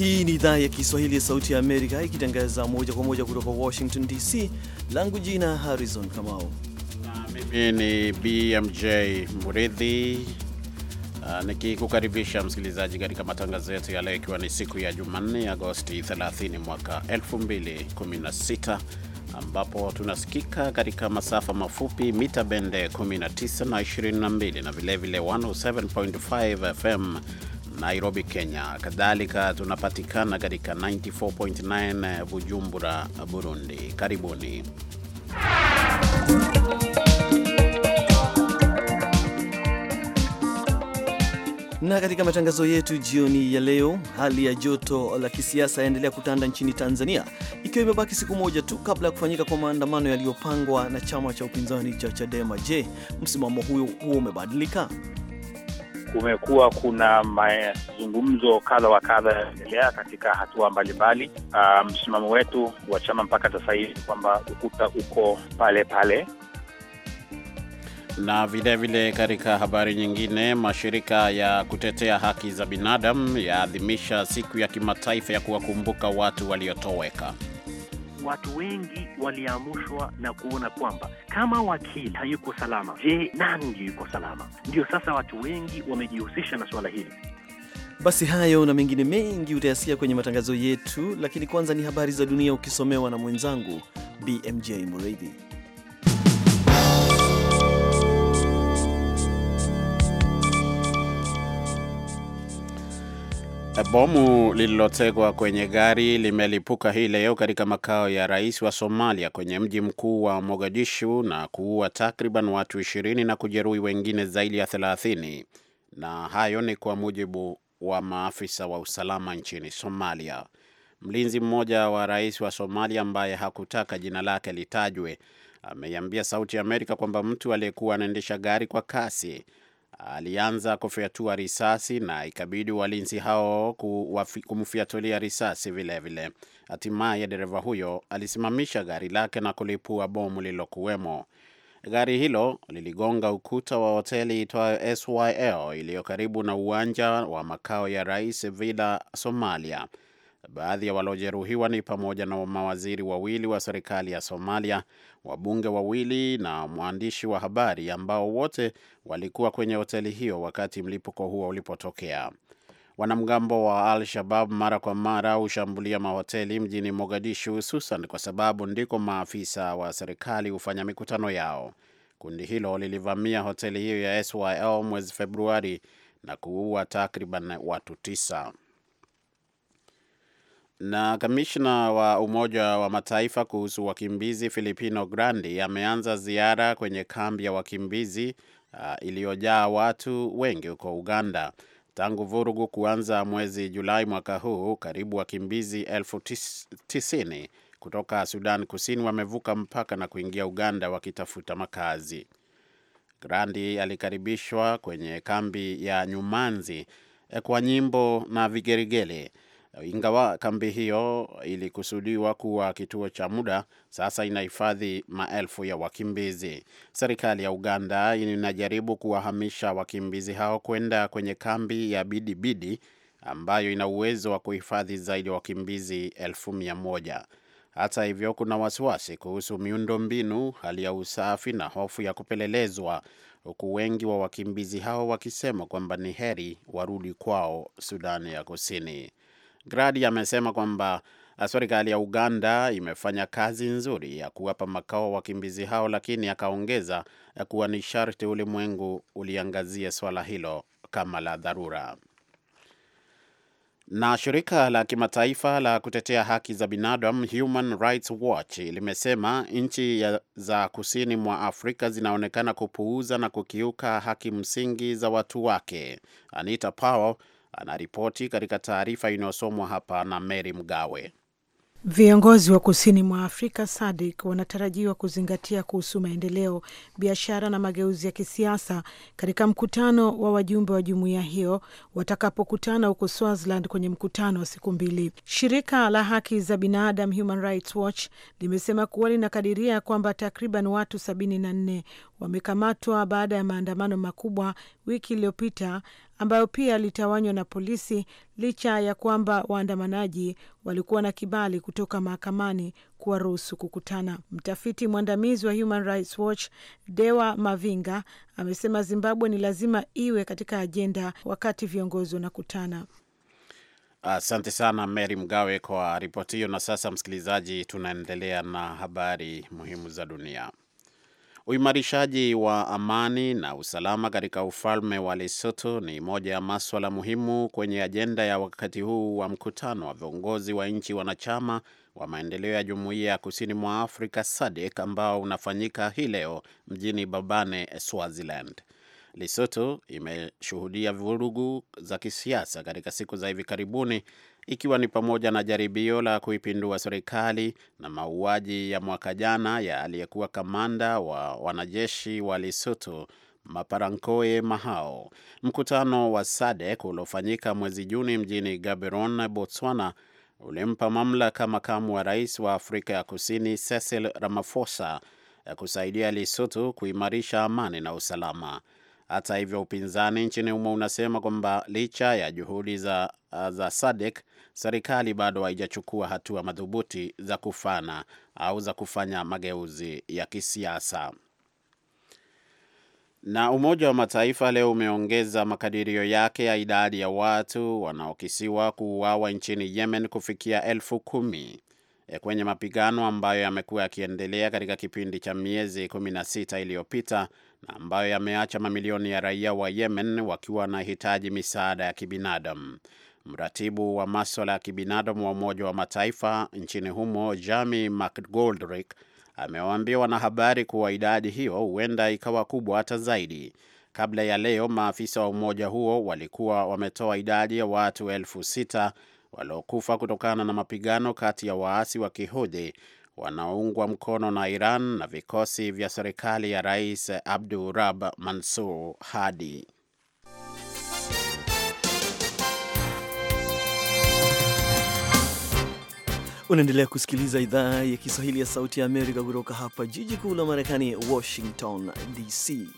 Hii ni idhaa ya Kiswahili ya Sauti ya Amerika ikitangaza moja kwa moja kutoka Washington DC. Langu jina Harrison Kamau na mimi ni BMJ Muridhi ah, nikikukaribisha msikilizaji katika matangazo yetu ya leo, ikiwa ni siku ya Jumanne Agosti 30 mwaka 2016 ambapo tunasikika katika masafa mafupi mita bende 19 na 22 na vilevile 107.5 FM Nairobi, Kenya. Kadhalika tunapatikana katika 94.9 Bujumbura, Burundi. Karibuni. Na katika matangazo yetu jioni ya leo, hali ya joto la kisiasa yaendelea kutanda nchini Tanzania, ikiwa imebaki siku moja tu kabla ya kufanyika kwa maandamano yaliyopangwa na chama cha upinzani cha Chadema. Je, msimamo huo huo umebadilika? kumekuwa kuna mazungumzo kadha wa kadha yanaendelea katika hatua mbalimbali. Ah, msimamo um, wetu wa chama mpaka sasa hivi kwamba ukuta uko pale pale na vilevile katika habari nyingine, mashirika ya kutetea haki za binadamu yaadhimisha siku ya kimataifa ya kuwakumbuka watu waliotoweka watu wengi waliamushwa na kuona kwamba kama wakili hayuko salama, je, nani ndio yuko salama? Ndio sasa watu wengi wamejihusisha na suala hili. Basi hayo na mengine mengi utayasikia kwenye matangazo yetu, lakini kwanza ni habari za dunia ukisomewa na mwenzangu BMJ Mureithi. Eh, bomu lililotegwa kwenye gari limelipuka hii leo katika makao ya rais wa Somalia kwenye mji mkuu wa Mogadishu na kuua takriban watu ishirini na kujeruhi wengine zaidi ya thelathini, na hayo ni kwa mujibu wa maafisa wa usalama nchini Somalia. Mlinzi mmoja wa rais wa Somalia ambaye hakutaka jina lake litajwe ameiambia Sauti ya Amerika kwamba mtu aliyekuwa anaendesha gari kwa kasi alianza kufyatua risasi na ikabidi walinzi hao kumfyatulia risasi vilevile. Hatimaye dereva huyo alisimamisha gari lake na kulipua bomu lililokuwemo. Gari hilo liligonga ukuta wa hoteli itwayo SYL iliyo karibu na uwanja wa makao ya rais Villa Somalia. Baadhi ya waliojeruhiwa ni pamoja na mawaziri wawili wa serikali ya Somalia, wabunge wawili na mwandishi wa habari ambao wote walikuwa kwenye hoteli hiyo wakati mlipuko huo ulipotokea. Wanamgambo wa Al-Shabab mara kwa mara hushambulia mahoteli mjini Mogadishu, hususan kwa sababu ndiko maafisa wa serikali hufanya mikutano yao. Kundi hilo lilivamia hoteli hiyo ya SYL mwezi Februari na kuua takriban watu tisa. Na kamishna wa Umoja wa Mataifa kuhusu wakimbizi Filipino Grandi ameanza ziara kwenye kambi ya wakimbizi uh, iliyojaa watu wengi huko Uganda tangu vurugu kuanza mwezi Julai mwaka huu. Karibu wakimbizi elfu tisini kutoka Sudan Kusini wamevuka mpaka na kuingia Uganda wakitafuta makazi. Grandi alikaribishwa kwenye kambi ya Nyumanzi eh, kwa nyimbo na vigelegele ingawa kambi hiyo ilikusudiwa kuwa kituo cha muda, sasa inahifadhi maelfu ya wakimbizi. Serikali ya Uganda inajaribu kuwahamisha wakimbizi hao kwenda kwenye kambi ya Bidibidi ambayo ina uwezo wa kuhifadhi zaidi ya wakimbizi elfu mia moja. Hata hivyo, kuna wasiwasi kuhusu miundo mbinu, hali ya usafi na hofu ya kupelelezwa, huku wengi wa wakimbizi hao wakisema kwamba ni heri warudi kwao Sudani ya Kusini. Gradi amesema kwamba ah, serikali ya Uganda imefanya kazi nzuri ya kuwapa makao wakimbizi hao, lakini akaongeza kuwa ni sharti ulimwengu uliangazie swala hilo kama la dharura. Na shirika la kimataifa la kutetea haki za binadamu Human Rights Watch limesema nchi za kusini mwa Afrika zinaonekana kupuuza na kukiuka haki msingi za watu wake. Anita Powell anaripoti katika taarifa inayosomwa hapa na Mary Mgawe. Viongozi wa kusini mwa Afrika SADC wanatarajiwa kuzingatia kuhusu maendeleo, biashara na mageuzi ya kisiasa katika mkutano wa wajumbe wa jumuiya hiyo watakapokutana huko Swaziland kwenye mkutano wa siku mbili. Shirika la haki za binadamu Human Rights Watch limesema kuwa linakadiria kwamba takriban watu sabini na nne wamekamatwa baada ya maandamano makubwa wiki iliyopita ambayo pia yalitawanywa na polisi licha ya kwamba waandamanaji walikuwa na kibali kutoka mahakamani kuwaruhusu kukutana. Mtafiti mwandamizi wa Human Rights Watch Dewa Mavinga amesema Zimbabwe ni lazima iwe katika ajenda wakati viongozi wanakutana. Asante sana Mary Mgawe kwa ripoti hiyo. Na sasa, msikilizaji, tunaendelea na habari muhimu za dunia. Uimarishaji wa amani na usalama katika ufalme wa Lesotho ni moja ya maswala muhimu kwenye ajenda ya wakati huu wa mkutano wa viongozi wa nchi wanachama wa maendeleo ya jumuiya ya kusini mwa Afrika SADC ambao unafanyika hii leo mjini Babane, Swaziland. Lesotho imeshuhudia vurugu za kisiasa katika siku za hivi karibuni ikiwa ni pamoja na jaribio la kuipindua serikali na mauaji ya mwaka jana ya aliyekuwa kamanda wa wanajeshi wa Lesotho Maparankoe Mahao. Mkutano wa SADC uliofanyika mwezi Juni mjini Gaborone, Botswana, ulimpa mamlaka makamu wa rais wa Afrika ya Kusini Cecil Ramaphosa ya kusaidia Lesotho kuimarisha amani na usalama. Hata hivyo, upinzani nchini humo unasema kwamba licha ya juhudi za, za SADC serikali bado haijachukua hatua madhubuti za kufana au za kufanya mageuzi ya kisiasa. Na Umoja wa Mataifa leo umeongeza makadirio yake ya idadi ya watu wanaokisiwa kuuawa nchini Yemen kufikia elfu kumi e, kwenye mapigano ambayo yamekuwa yakiendelea katika kipindi cha miezi sita iliyopita na ambayo yameacha mamilioni ya raia wa Yemen wakiwa wanahitaji misaada ya kibinadamu. Mratibu wa maswala ya kibinadamu wa Umoja wa Mataifa nchini humo Jami McGoldrick amewaambia wanahabari kuwa idadi hiyo huenda ikawa kubwa hata zaidi. Kabla ya leo, maafisa wa umoja huo walikuwa wametoa idadi ya watu elfu sita waliokufa kutokana na mapigano kati ya waasi wa kihudhi wanaoungwa mkono na Iran na vikosi vya serikali ya Rais Abdurab Mansur Hadi. Unaendelea kusikiliza idhaa ya Kiswahili ya Sauti ya Amerika kutoka hapa jiji kuu la Marekani, Washington DC.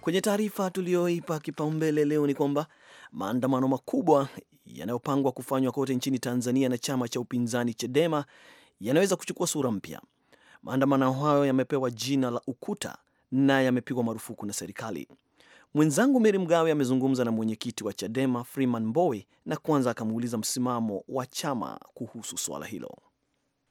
Kwenye taarifa tuliyoipa kipaumbele leo ni kwamba maandamano makubwa yanayopangwa kufanywa kote nchini Tanzania na chama cha upinzani Chadema yanaweza kuchukua sura mpya. Maandamano hayo yamepewa jina la Ukuta na yamepigwa marufuku na serikali. Mwenzangu Meri Mgawe amezungumza na mwenyekiti wa Chadema Freeman Mbowe na kwanza akamuuliza msimamo wa chama kuhusu swala hilo.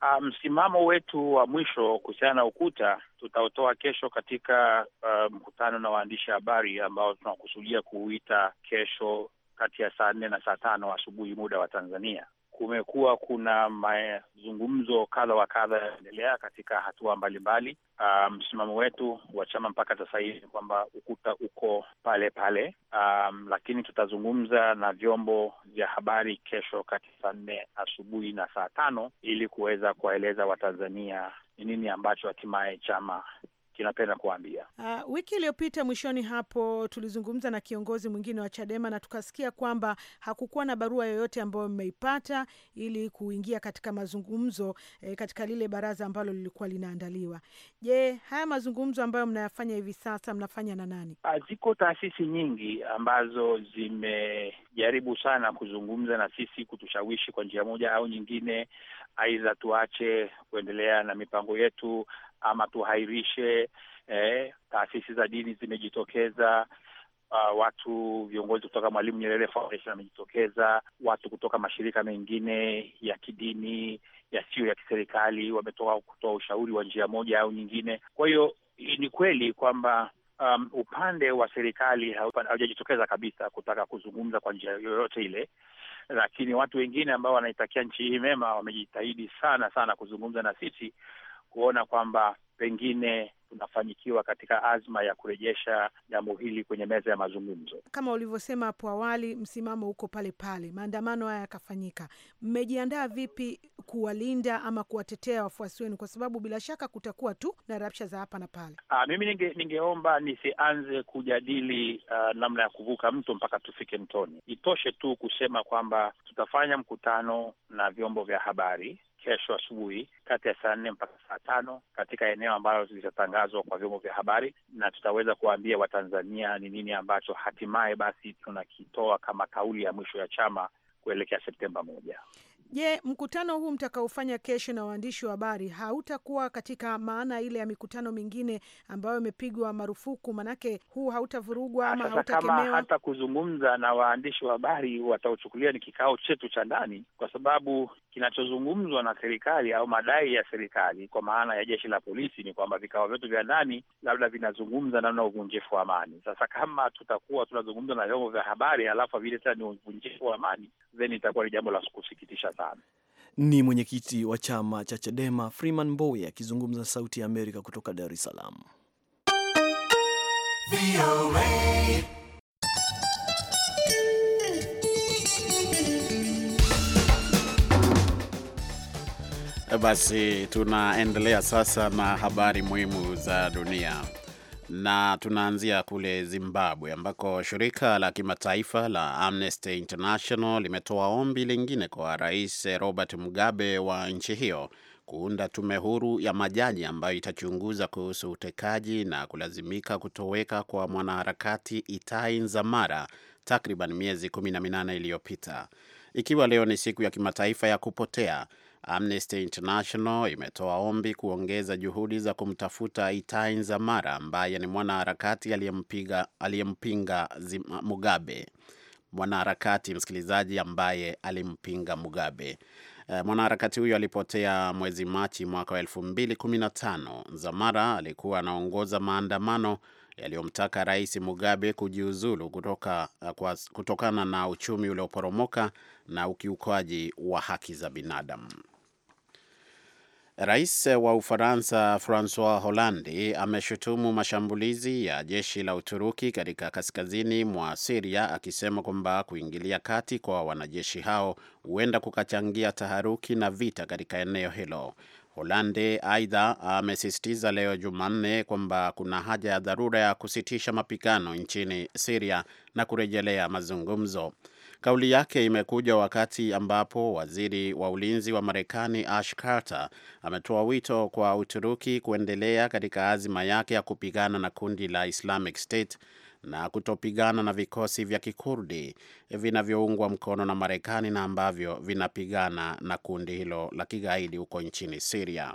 Uh, msimamo wetu wa mwisho kuhusiana na Ukuta tutautoa kesho katika uh, mkutano na waandishi habari ambao tunakusudia kuuita kesho kati ya saa nne na saa tano asubuhi muda wa Tanzania kumekuwa kuna mazungumzo kadha wa kadha yanaendelea katika hatua mbalimbali. Ah, msimamo um, wetu wa chama mpaka sasa hivi kwamba ukuta uko pale pale, um, lakini tutazungumza na vyombo vya habari kesho kati saa nne asubuhi na saa tano ili kuweza kuwaeleza Watanzania ni nini ambacho hatimaye chama kinapenda kuambia. Uh, wiki iliyopita mwishoni hapo tulizungumza na kiongozi mwingine wa Chadema na tukasikia kwamba hakukuwa na barua yoyote ambayo mmeipata ili kuingia katika mazungumzo eh, katika lile baraza ambalo lilikuwa linaandaliwa. Je, haya mazungumzo ambayo mnayafanya hivi sasa mnafanya na nani? Ah, ziko taasisi nyingi ambazo zimejaribu sana kuzungumza na sisi, kutushawishi kwa njia moja au nyingine, aidha tuache kuendelea na mipango yetu ama tuhairishe Eh, taasisi za dini zimejitokeza. Uh, watu viongozi kutoka Mwalimu Nyerere Foundation wamejitokeza, watu kutoka mashirika mengine ya kidini yasiyo ya kiserikali wametoka kutoa ushauri wa njia moja au nyingine. Kwa hiyo ni kweli kwamba um, upande wa serikali haujajitokeza kabisa kutaka kuzungumza kwa njia yoyote ile, lakini watu wengine ambao wanaitakia nchi hii mema wamejitahidi sana sana kuzungumza na sisi kuona kwamba pengine tunafanyikiwa katika azma ya kurejesha jambo hili kwenye meza ya mazungumzo. Kama ulivyosema hapo awali, msimamo uko pale pale, maandamano haya yakafanyika. Mmejiandaa vipi kuwalinda ama kuwatetea wafuasi wenu, kwa sababu bila shaka kutakuwa tu na rapsha za hapa na pale? Aa, ah, mimi ninge, ningeomba nisianze kujadili uh, namna ya kuvuka mto mpaka tufike mtoni. Itoshe tu kusema kwamba tutafanya mkutano na vyombo vya habari kesho asubuhi kati ya saa nne mpaka saa tano katika eneo ambalo zilizotangazwa kwa vyombo vya habari, na tutaweza kuwaambia Watanzania ni nini ambacho hatimaye basi tunakitoa kama kauli ya mwisho ya chama kuelekea Septemba moja. Je, mkutano huu mtakaofanya kesho na waandishi wa habari hautakuwa katika maana ile ya mikutano mingine ambayo imepigwa marufuku? Manake huu hautavurugwa ama hautakemewa? Kama hata kuzungumza na waandishi wa habari watauchukulia ni kikao chetu cha ndani, kwa sababu kinachozungumzwa na serikali au madai ya serikali kwa maana ya jeshi la polisi ni kwamba vikao vyetu vya ndani labda vinazungumza namna uvunjifu wa amani. Sasa kama tutakuwa tunazungumza na vyombo vya habari alafu vile tena ni uvunjifu wa amani, then itakuwa ni jambo la kusikitisha sana. Ni mwenyekiti wa chama cha Chadema Freeman Mbowe akizungumza Sauti ya Amerika kutoka Dar es Salaam. Eh, basi tunaendelea sasa na habari muhimu za dunia, na tunaanzia kule Zimbabwe ambako shirika la kimataifa la Amnesty International limetoa ombi lingine kwa Rais Robert Mugabe wa nchi hiyo kuunda tume huru ya majaji ambayo itachunguza kuhusu utekaji na kulazimika kutoweka kwa mwanaharakati Itai Nzamara takriban miezi kumi na minane iliyopita. Ikiwa leo ni siku ya kimataifa ya kupotea, Amnesty International imetoa ombi kuongeza juhudi za kumtafuta Itai Nzamara ambaye ni mwanaharakati aliyempinga Mugabe, mwanaharakati msikilizaji, ambaye alimpinga Mugabe. Eh, mwanaharakati huyo alipotea mwezi Machi mwaka wa tano. zamara alikuwa anaongoza maandamano yaliyomtaka Rais Mugabe kujiuzulu kutoka, eh, kutokana na uchumi ulioporomoka na ukiukwaji wa haki za binadamu. Rais wa Ufaransa Francois Hollande ameshutumu mashambulizi ya jeshi la Uturuki katika kaskazini mwa Siria akisema kwamba kuingilia kati kwa wanajeshi hao huenda kukachangia taharuki na vita katika eneo hilo. Hollande aidha amesisitiza leo Jumanne kwamba kuna haja ya dharura ya kusitisha mapigano nchini Siria na kurejelea mazungumzo. Kauli yake imekuja wakati ambapo waziri wa ulinzi wa Marekani Ash Carter ametoa wito kwa Uturuki kuendelea katika azima yake ya kupigana na kundi la Islamic State na kutopigana na vikosi vya Kikurdi vinavyoungwa mkono na Marekani na ambavyo vinapigana na kundi hilo la kigaidi huko nchini Siria.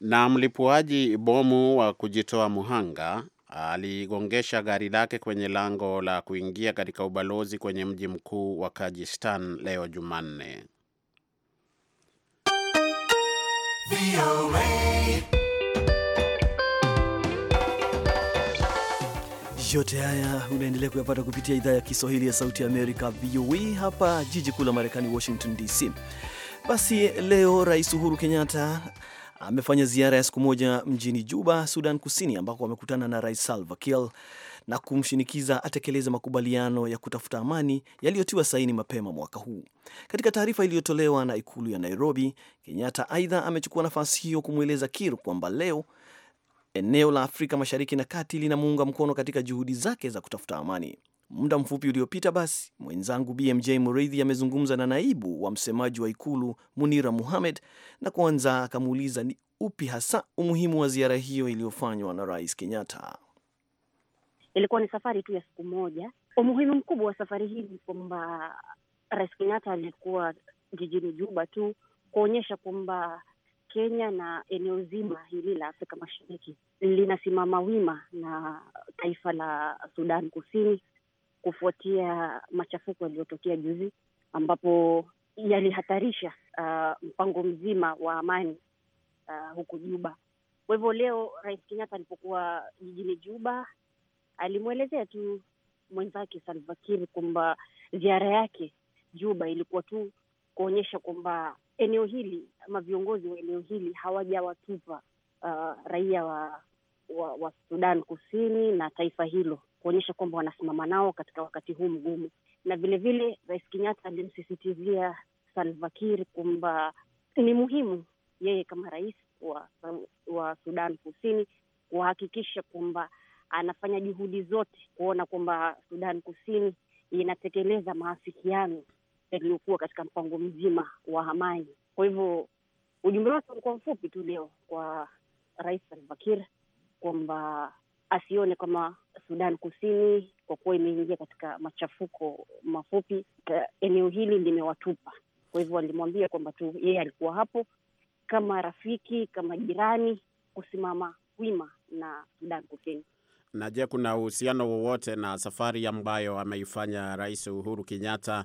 Na mlipuaji bomu wa kujitoa muhanga aligongesha gari lake kwenye lango la kuingia katika ubalozi kwenye mji mkuu wa Kajistan leo Jumanne. Yote haya unaendelea kuyapata kupitia idhaa ya Kiswahili ya Sauti ya Amerika, VOA, hapa jiji kuu la Marekani, Washington DC. Basi leo Rais Uhuru Kenyatta amefanya ziara ya siku moja mjini Juba, Sudan Kusini, ambako amekutana na Rais Salva Kiir na kumshinikiza atekeleze makubaliano ya kutafuta amani yaliyotiwa saini mapema mwaka huu. Katika taarifa iliyotolewa na ikulu ya Nairobi, Kenyatta aidha amechukua nafasi hiyo kumweleza Kiir kwamba leo eneo la Afrika Mashariki na Kati linamuunga mkono katika juhudi zake za kutafuta amani. Muda mfupi uliopita basi mwenzangu BMJ Mureithi amezungumza na naibu wa msemaji wa ikulu Munira Muhamed, na kwanza akamuuliza ni upi hasa umuhimu wa ziara hiyo iliyofanywa na Rais Kenyatta. Ilikuwa ni safari tu ya siku moja. Umuhimu mkubwa wa safari hii ni kwamba Rais Kenyatta alikuwa jijini Juba tu kuonyesha kwamba Kenya na eneo zima hili la Afrika Mashariki linasimama wima na taifa la Sudan Kusini kufuatia machafuko yaliyotokea juzi, ambapo yalihatarisha uh, mpango mzima wa amani uh, huku Juba. Kwa hivyo leo Rais Kenyatta alipokuwa jijini Juba alimwelezea tu mwenzake Salva Kiir kwamba ziara yake Juba ilikuwa tu kuonyesha kwamba eneo hili ama viongozi wa eneo hili hawajawatupa uh, raia wa wa, wa Sudan Kusini na taifa hilo kuonyesha kwamba wanasimama nao katika wakati huu mgumu, na vilevile Rais Kenyatta alimsisitizia Salva Kiir kwamba ni muhimu yeye kama rais wa, wa Sudan Kusini kuhakikisha kwamba anafanya juhudi zote kuona kwamba Sudan Kusini inatekeleza maafikiano yaliyokuwa katika mpango mzima wa amani. Kwa hivyo ujumbe wake ulikuwa mfupi tu leo kwa Rais Salva Kiir kwamba asione kama Sudan Kusini kwa kuwa imeingia katika machafuko mafupi, eneo hili limewatupa. Kwa hivyo alimwambia kwamba tu yeye alikuwa hapo kama rafiki, kama jirani, kusimama wima na Sudan Kusini. Na je, kuna uhusiano wowote na safari ambayo ameifanya Rais Uhuru Kenyatta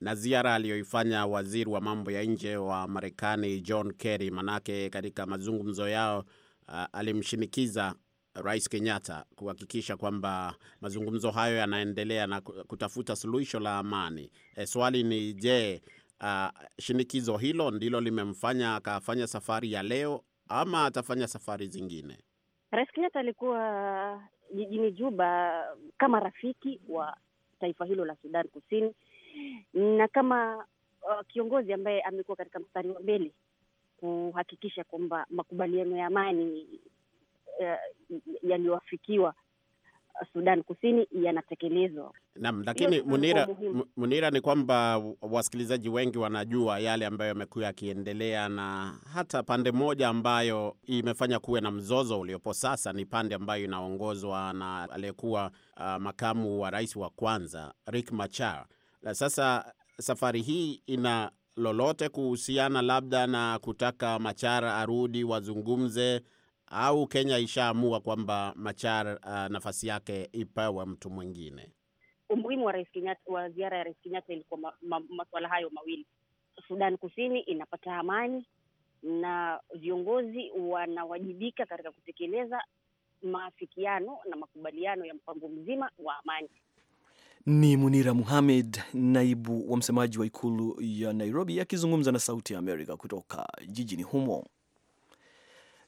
na ziara aliyoifanya waziri wa mambo ya nje wa Marekani John Kerry? Manake katika mazungumzo yao uh, alimshinikiza Rais Kenyatta kuhakikisha kwamba mazungumzo hayo yanaendelea na kutafuta suluhisho la amani. E, swali ni je, uh, shinikizo hilo ndilo limemfanya akafanya safari ya leo ama atafanya safari zingine? Rais Kenyatta alikuwa uh, jijini Juba kama rafiki wa taifa hilo la Sudan Kusini na kama uh, kiongozi ambaye amekuwa katika mstari wa mbele kuhakikisha kwamba makubaliano ya amani eh, yaliyoafikiwa eh, Sudan Kusini yanatekelezwa. Naam, lakini Munira, Munira, ni kwamba wasikilizaji wengi wanajua yale ambayo yamekuwa yakiendelea, na hata pande moja ambayo imefanya kuwe na mzozo uliopo sasa ni pande ambayo inaongozwa na aliyekuwa uh, makamu wa rais wa kwanza rik Machar. Sasa safari hii ina lolote kuhusiana labda na kutaka machar arudi wazungumze, au Kenya ishaamua kwamba Machar uh, nafasi yake ipewe mtu mwingine? Umuhimu wa Rais Kenyatta, wa ziara ya Rais Kenyatta ilikuwa masuala ma, hayo mawili. Sudan Kusini inapata amani na viongozi wanawajibika katika kutekeleza maafikiano na makubaliano ya mpango mzima wa amani. Ni Munira Muhamed, naibu wa msemaji wa ikulu ya Nairobi, akizungumza na Sauti ya Amerika kutoka jijini humo.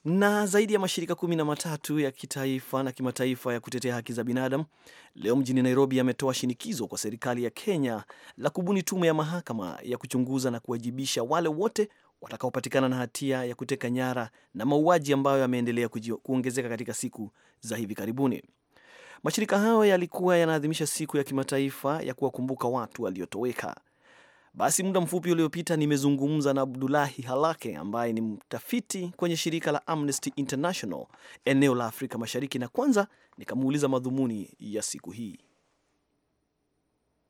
Na zaidi ya mashirika kumi na matatu ya kitaifa na kimataifa ya kutetea haki za binadamu leo mjini Nairobi yametoa shinikizo kwa serikali ya Kenya la kubuni tume ya mahakama ya kuchunguza na kuwajibisha wale wote watakaopatikana na hatia ya kuteka nyara na mauaji ambayo yameendelea kuongezeka katika siku za hivi karibuni. Mashirika hayo yalikuwa yanaadhimisha siku ya kimataifa ya kuwakumbuka watu waliotoweka. Basi muda mfupi uliopita nimezungumza na Abdulahi Halake ambaye ni mtafiti kwenye shirika la Amnesty International eneo la Afrika Mashariki, na kwanza nikamuuliza madhumuni ya siku hii.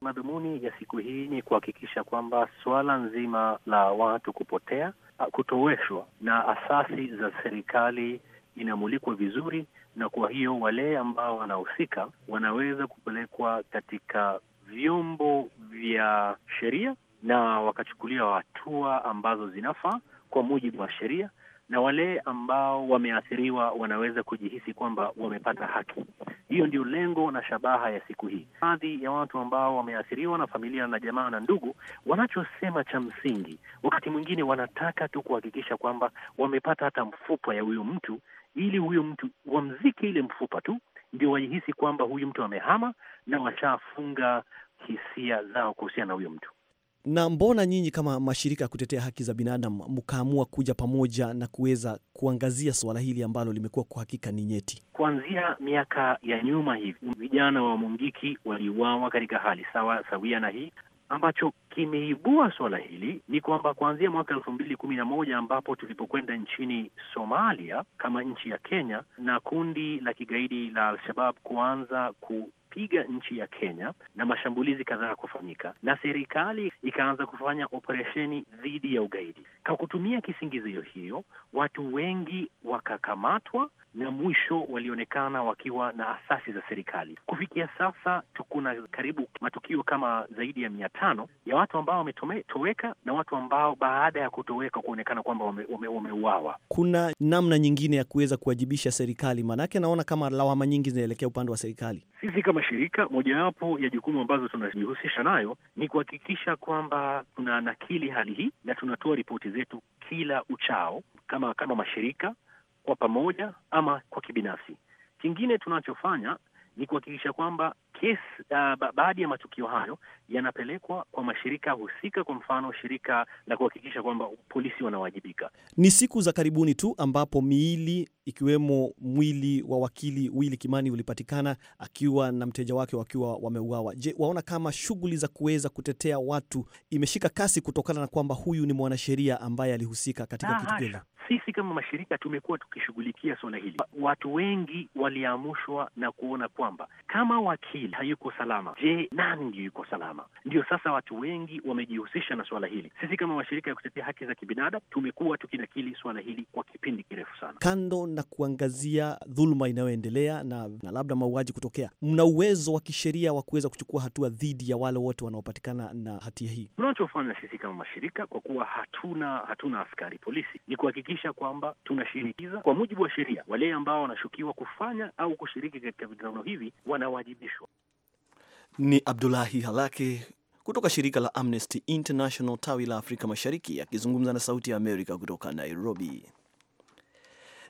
Madhumuni ya siku hii ni kuhakikisha kwamba suala nzima la watu kupotea, kutoweshwa na asasi za serikali inamulikwa vizuri na kwa hiyo wale ambao wanahusika wanaweza kupelekwa katika vyombo vya sheria na wakachukuliwa hatua ambazo zinafaa kwa mujibu wa sheria, na wale ambao wameathiriwa wanaweza kujihisi kwamba wamepata haki. Hiyo ndio lengo na shabaha ya siku hii. Baadhi ya watu ambao wameathiriwa na familia na jamaa na ndugu, wanachosema cha msingi, wakati mwingine wanataka tu kuhakikisha kwamba wamepata hata mfupa ya huyo mtu ili huyo mtu wamzike ile mfupa tu, ndio wajihisi kwamba huyu mtu amehama na washafunga hisia zao kuhusiana na huyo mtu. Na mbona nyinyi kama mashirika ya kutetea haki za binadamu mkaamua kuja pamoja na kuweza kuangazia suala hili ambalo limekuwa kwa hakika ni nyeti? Kuanzia miaka ya nyuma hivi, vijana wa Mungiki waliuawa katika hali sawa sawia na hii, ambacho kimeibua suala hili ni kwamba kuanzia mwaka elfu mbili kumi na moja ambapo tulipokwenda nchini Somalia kama nchi ya Kenya na kundi la kigaidi la Al-Shabab kuanza ku piga nchi ya Kenya na mashambulizi kadhaa kufanyika, na serikali ikaanza kufanya operesheni dhidi ya ugaidi. Kwa kutumia kisingizio hiyo, watu wengi wakakamatwa na mwisho walionekana wakiwa na asasi za serikali. Kufikia sasa kuna karibu matukio kama zaidi ya mia tano ya watu ambao wametoweka na watu ambao baada ya kutoweka kuonekana kwamba wameuawa. Wame, wame kuna namna nyingine ya kuweza kuwajibisha serikali? Maanake naona kama lawama nyingi zinaelekea upande wa serikali. Sisi kama shirika, mojawapo ya jukumu ambazo tunajihusisha nayo ni kuhakikisha kwamba tuna nakili hali hii na tunatoa ripoti zetu kila uchao kama kama mashirika kwa pamoja ama kwa kibinafsi. Kingine tunachofanya ni kuhakikisha kwamba kesi uh, baadhi ya matukio hayo yanapelekwa kwa mashirika husika, kwa mfano shirika la kuhakikisha kwamba polisi wanawajibika. Ni siku za karibuni tu ambapo miili ikiwemo mwili wa wakili Willy Kimani ulipatikana akiwa na mteja wake wakiwa wameuawa. Je, waona kama shughuli za kuweza kutetea watu imeshika kasi kutokana na kwamba huyu ni mwanasheria ambaye alihusika katika ah, kitu kile? Sisi kama mashirika tumekuwa tukishughulikia suala hili. Watu wengi waliamushwa na kuona kwamba kama wakili hayuko salama, je, nani ndio yuko salama? Ndio sasa watu wengi wamejihusisha na suala hili. Sisi kama mashirika ya kutetea haki za kibinadamu tumekuwa tukinakili suala hili kwa kipindi kirefu sana. Kando na kuangazia dhuluma inayoendelea na, na labda mauaji kutokea, mna uwezo wa kisheria wa kuweza kuchukua hatua dhidi ya wale wote wanaopatikana na hatia hii? Tunachofanya sisi kama mashirika, kwa kuwa hatuna hatuna askari polisi, ni kuhakikisha kwamba tunashinikiza kwa mujibu wa sheria, wale ambao wanashukiwa kufanya au kushiriki katika vitendo hivi wanawajibishwa. Ni Abdulahi Halake kutoka shirika la Amnesty International tawi la Afrika Mashariki akizungumza na Sauti ya Amerika kutoka Nairobi.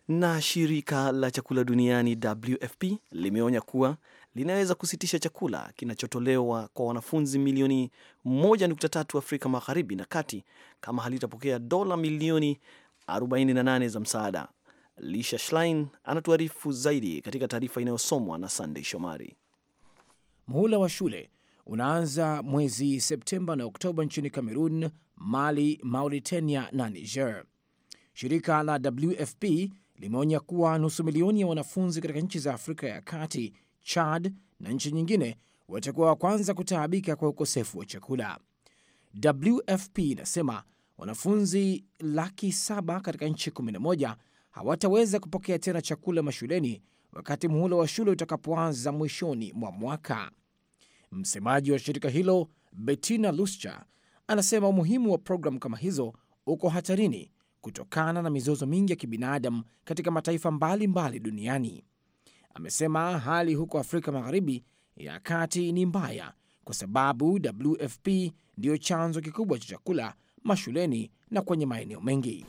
Na shirika la chakula duniani WFP limeonya kuwa linaweza kusitisha chakula kinachotolewa kwa wanafunzi milioni 1.3 Afrika Magharibi na Kati kama halitapokea dola milioni 48 za msaada. Lisha Schlein anatuarifu zaidi katika taarifa inayosomwa na Sandey Shomari. Muhula wa shule unaanza mwezi Septemba na Oktoba nchini Cameroon, Mali, Mauritania na Niger. Shirika la WFP limeonya kuwa nusu milioni ya wanafunzi katika nchi za Afrika ya Kati, Chad na nchi nyingine watakuwa wa kwanza kutaabika kwa ukosefu wa chakula. WFP inasema wanafunzi laki saba katika nchi 11 hawataweza kupokea tena chakula mashuleni wakati muhula wa shule utakapoanza mwishoni mwa mwaka. Msemaji wa shirika hilo Bettina Luscha anasema umuhimu wa programu kama hizo uko hatarini kutokana na mizozo mingi ya kibinadamu katika mataifa mbalimbali mbali duniani. Amesema hali huko Afrika Magharibi ya kati ni mbaya kwa sababu WFP ndiyo chanzo kikubwa cha chakula mashuleni na kwenye maeneo mengi.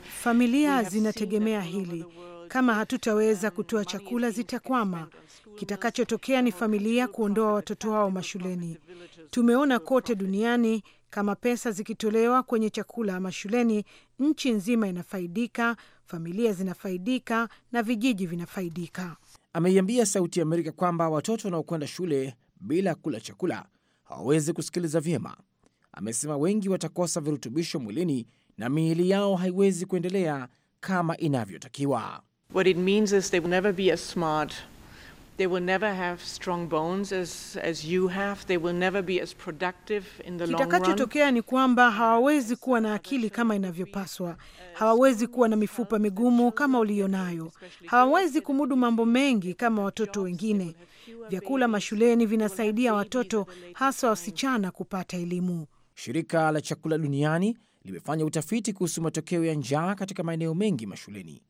Familia zinategemea hili. Kama hatutaweza kutoa chakula, zitakwama. Kitakachotokea ni familia kuondoa watoto wao mashuleni. Tumeona kote duniani kama pesa zikitolewa kwenye chakula mashuleni, nchi nzima inafaidika, familia zinafaidika na vijiji vinafaidika. Ameiambia Sauti ya Amerika kwamba watoto wanaokwenda shule bila kula chakula hawawezi kusikiliza vyema. Amesema wengi watakosa virutubisho mwilini na miili yao haiwezi kuendelea kama inavyotakiwa. What it means is they will never be as smart. They will never have strong bones as, as you have. They will never be as productive in the long run. Kitakachotokea ni kwamba hawawezi kuwa na akili kama inavyopaswa. Hawawezi kuwa na mifupa migumu kama ulionayo. Hawawezi kumudu mambo mengi kama watoto wengine. Vyakula mashuleni vinasaidia watoto hasa wasichana kupata elimu. Shirika la Chakula Duniani limefanya utafiti kuhusu matokeo ya njaa katika maeneo mengi mashuleni.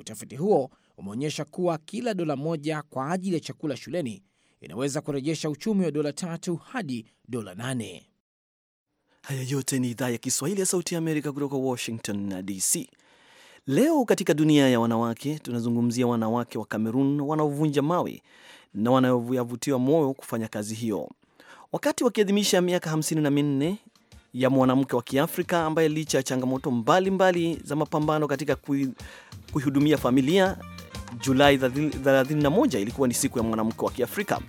Utafiti huo umeonyesha kuwa kila dola moja kwa ajili ya chakula shuleni inaweza kurejesha uchumi wa dola tatu hadi dola nane. Haya yote ni idhaa ya Kiswahili ya Sauti ya Amerika kutoka Washington DC. Leo katika dunia ya wanawake tunazungumzia wanawake wa Kamerun wanaovunja mawe na wanaovutiwa moyo kufanya kazi hiyo. Wakati wakiadhimisha miaka hamsini na minne ya mwanamke wa Kiafrika ambaye licha ya changamoto mbalimbali mbali za mapambano katika kuihudumia familia, Julai 31 ilikuwa ni siku ya mwanamke wa Kiafrika.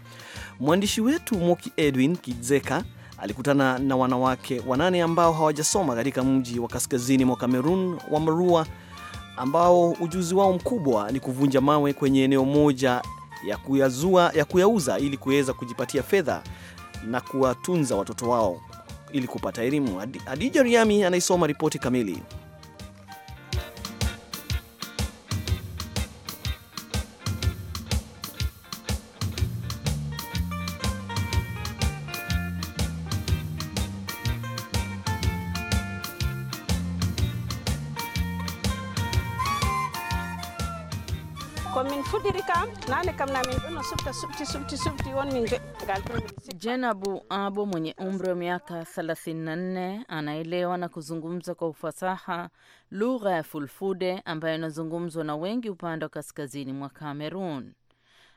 Mwandishi wetu Moki Edwin Kizeka alikutana na wanawake wanane ambao hawajasoma katika mji wa kaskazini mwa Kamerun wa Marua, ambao ujuzi wao mkubwa ni kuvunja mawe kwenye eneo moja ya kuyazua, ya kuyauza ili kuweza kujipatia fedha na kuwatunza watoto wao ili kupata elimu. Adija Riami anaisoma ripoti kamili. komin fudiri kam nane kam ɗono subta subti subti subti won min Jenabu Abo mwenye umri wa miaka 34 anaelewa na kuzungumza kwa ufasaha lugha ya Fulfude ambayo inazungumzwa na wengi upande wa kaskazini mwa Kamerun.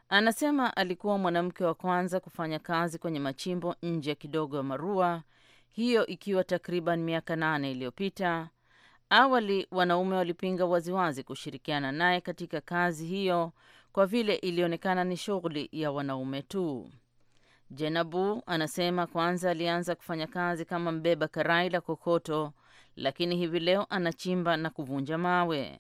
Anasema alikuwa mwanamke wa kwanza kufanya kazi kwenye machimbo nje kidogo ya Marua, hiyo ikiwa takriban miaka nane iliyopita Awali wanaume walipinga waziwazi kushirikiana naye katika kazi hiyo kwa vile ilionekana ni shughuli ya wanaume tu. Jenabu anasema kwanza alianza kufanya kazi kama mbeba karai la kokoto, lakini hivi leo anachimba na kuvunja mawe.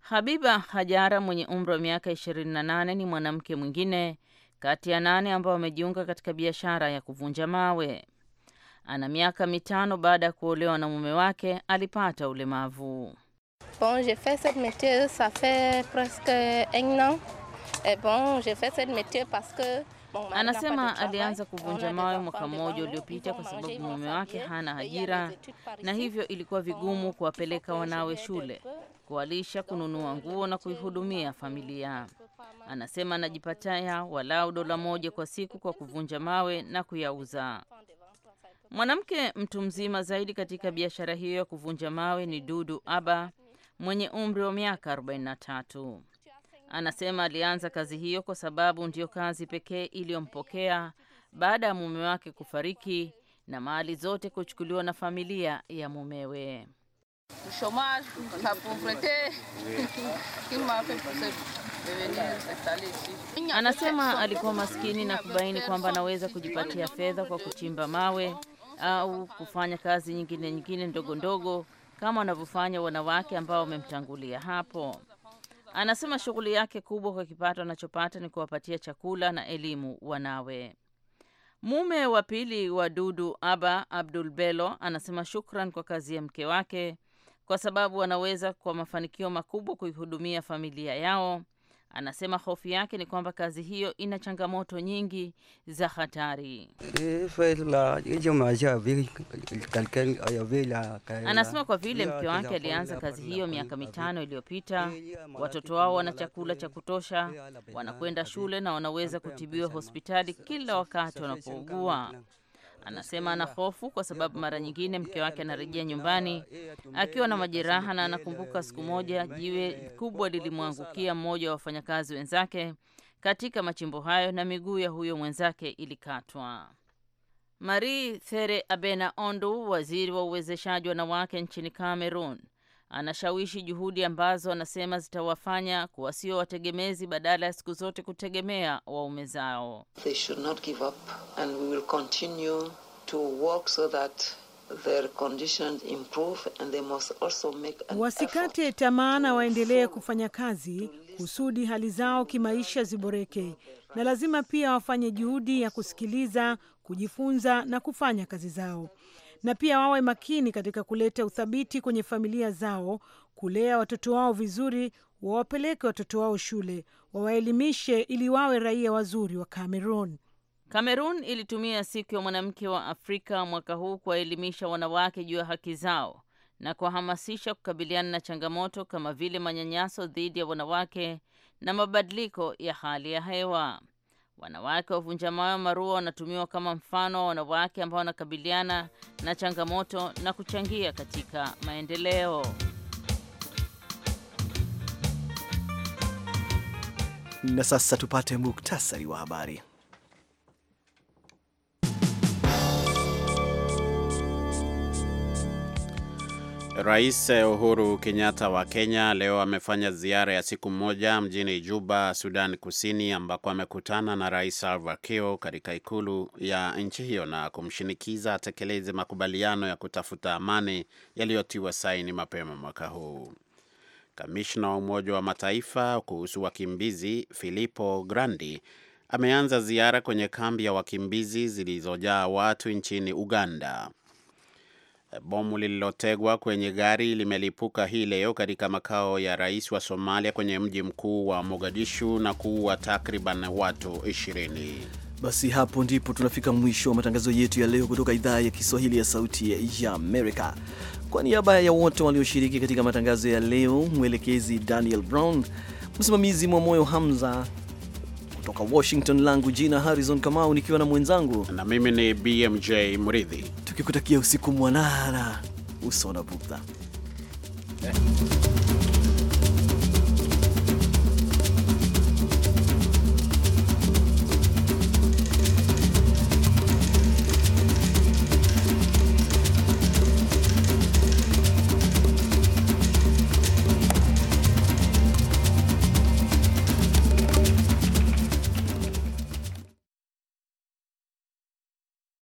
Habiba Hajara mwenye umri wa miaka 28 ni mwanamke mwingine kati ya nane ambao wamejiunga katika biashara ya kuvunja mawe ana miaka mitano baada ya kuolewa na mume wake alipata ulemavu. Bon, j'ai fait ça fait presque un an. Et bon, j'ai fait parce que Anasema alianza kuvunja mawe mwaka mmoja uliopita kwa sababu mume wake hana ajira, na hivyo ilikuwa vigumu kuwapeleka wanawe shule, kuwalisha, kununua euh, nguo na kuihudumia familia. Anasema anajipatia walau dola moja kwa siku kwa kuvunja mawe na kuyauza. Mwanamke mtu mzima zaidi katika biashara hiyo ya kuvunja mawe ni Dudu Aba mwenye umri wa miaka 43. Anasema alianza kazi hiyo kwa sababu ndiyo kazi pekee iliyompokea baada ya mume wake kufariki na mali zote kuchukuliwa na familia ya mumewe. Anasema alikuwa maskini na kubaini kwamba anaweza kujipatia fedha kwa kuchimba mawe au kufanya kazi nyingine nyingine ndogo ndogo kama wanavyofanya wanawake ambao wamemtangulia hapo. Anasema shughuli yake kubwa kwa kipato anachopata ni kuwapatia chakula na elimu wanawe. Mume wa pili wa Dudu, Aba Abdul belo anasema shukran kwa kazi ya mke wake, kwa sababu anaweza kwa mafanikio makubwa kuihudumia familia yao Anasema hofu yake ni kwamba kazi hiyo ina changamoto nyingi za hatari. Anasema kwa vile mke wake alianza kazi hiyo miaka mitano iliyopita, watoto wao wana chakula cha kutosha, wanakwenda shule na wanaweza kutibiwa hospitali kila wakati wanapougua. Anasema ana hofu kwa sababu mara nyingine mke wake anarejea nyumbani akiwa na majeraha, na anakumbuka siku moja jiwe kubwa lilimwangukia mmoja wa wafanyakazi wenzake katika machimbo hayo na miguu ya huyo mwenzake ilikatwa. Marie There Abena Ondu, waziri wa uwezeshaji wanawake nchini Cameroon, Anashawishi juhudi ambazo anasema zitawafanya kuwa sio wategemezi badala ya siku zote kutegemea waume zao. Wasikate tamaa na waendelee kufanya kazi kusudi hali zao kimaisha ziboreke, na lazima pia wafanye juhudi ya kusikiliza, kujifunza na kufanya kazi zao na pia wawe makini katika kuleta uthabiti kwenye familia zao, kulea watoto wao vizuri, wawapeleke watoto wao shule, wawaelimishe ili wawe raia wazuri wa Kamerun. Kamerun ilitumia siku ya mwanamke wa Afrika mwaka huu kuwaelimisha wanawake juu ya haki zao na kuwahamasisha kukabiliana na changamoto kama vile manyanyaso dhidi ya wanawake na mabadiliko ya hali ya hewa. Wanawake wavunja moyo marua wanatumiwa kama mfano wa wanawake ambao wanakabiliana na changamoto na kuchangia katika maendeleo. Na sasa tupate muktasari wa habari. Rais Uhuru Kenyatta wa Kenya leo amefanya ziara ya siku moja mjini Juba, Sudan Kusini, ambako amekutana na Rais Salva Kiir katika ikulu ya nchi hiyo na kumshinikiza atekeleze makubaliano ya kutafuta amani yaliyotiwa saini mapema mwaka huu. Kamishna wa Umoja wa Mataifa kuhusu wakimbizi Filippo Grandi ameanza ziara kwenye kambi ya wakimbizi zilizojaa watu nchini Uganda. Bomu lililotegwa kwenye gari limelipuka hii leo katika makao ya rais wa Somalia kwenye mji mkuu wa Mogadishu na kuua takriban watu 20. Basi hapo ndipo tunafika mwisho wa matangazo yetu ya leo kutoka idhaa ya Kiswahili ya Sauti ya Amerika. Kwa niaba ya wote walioshiriki katika matangazo ya leo, mwelekezi Daniel Brown, msimamizi Mwamoyo Hamza, kutoka Washington, langu jina Harrison Kamau, nikiwa na mwenzangu na mimi ni BMJ Mridhi, tukikutakia usiku mwanana, usona na bugdha.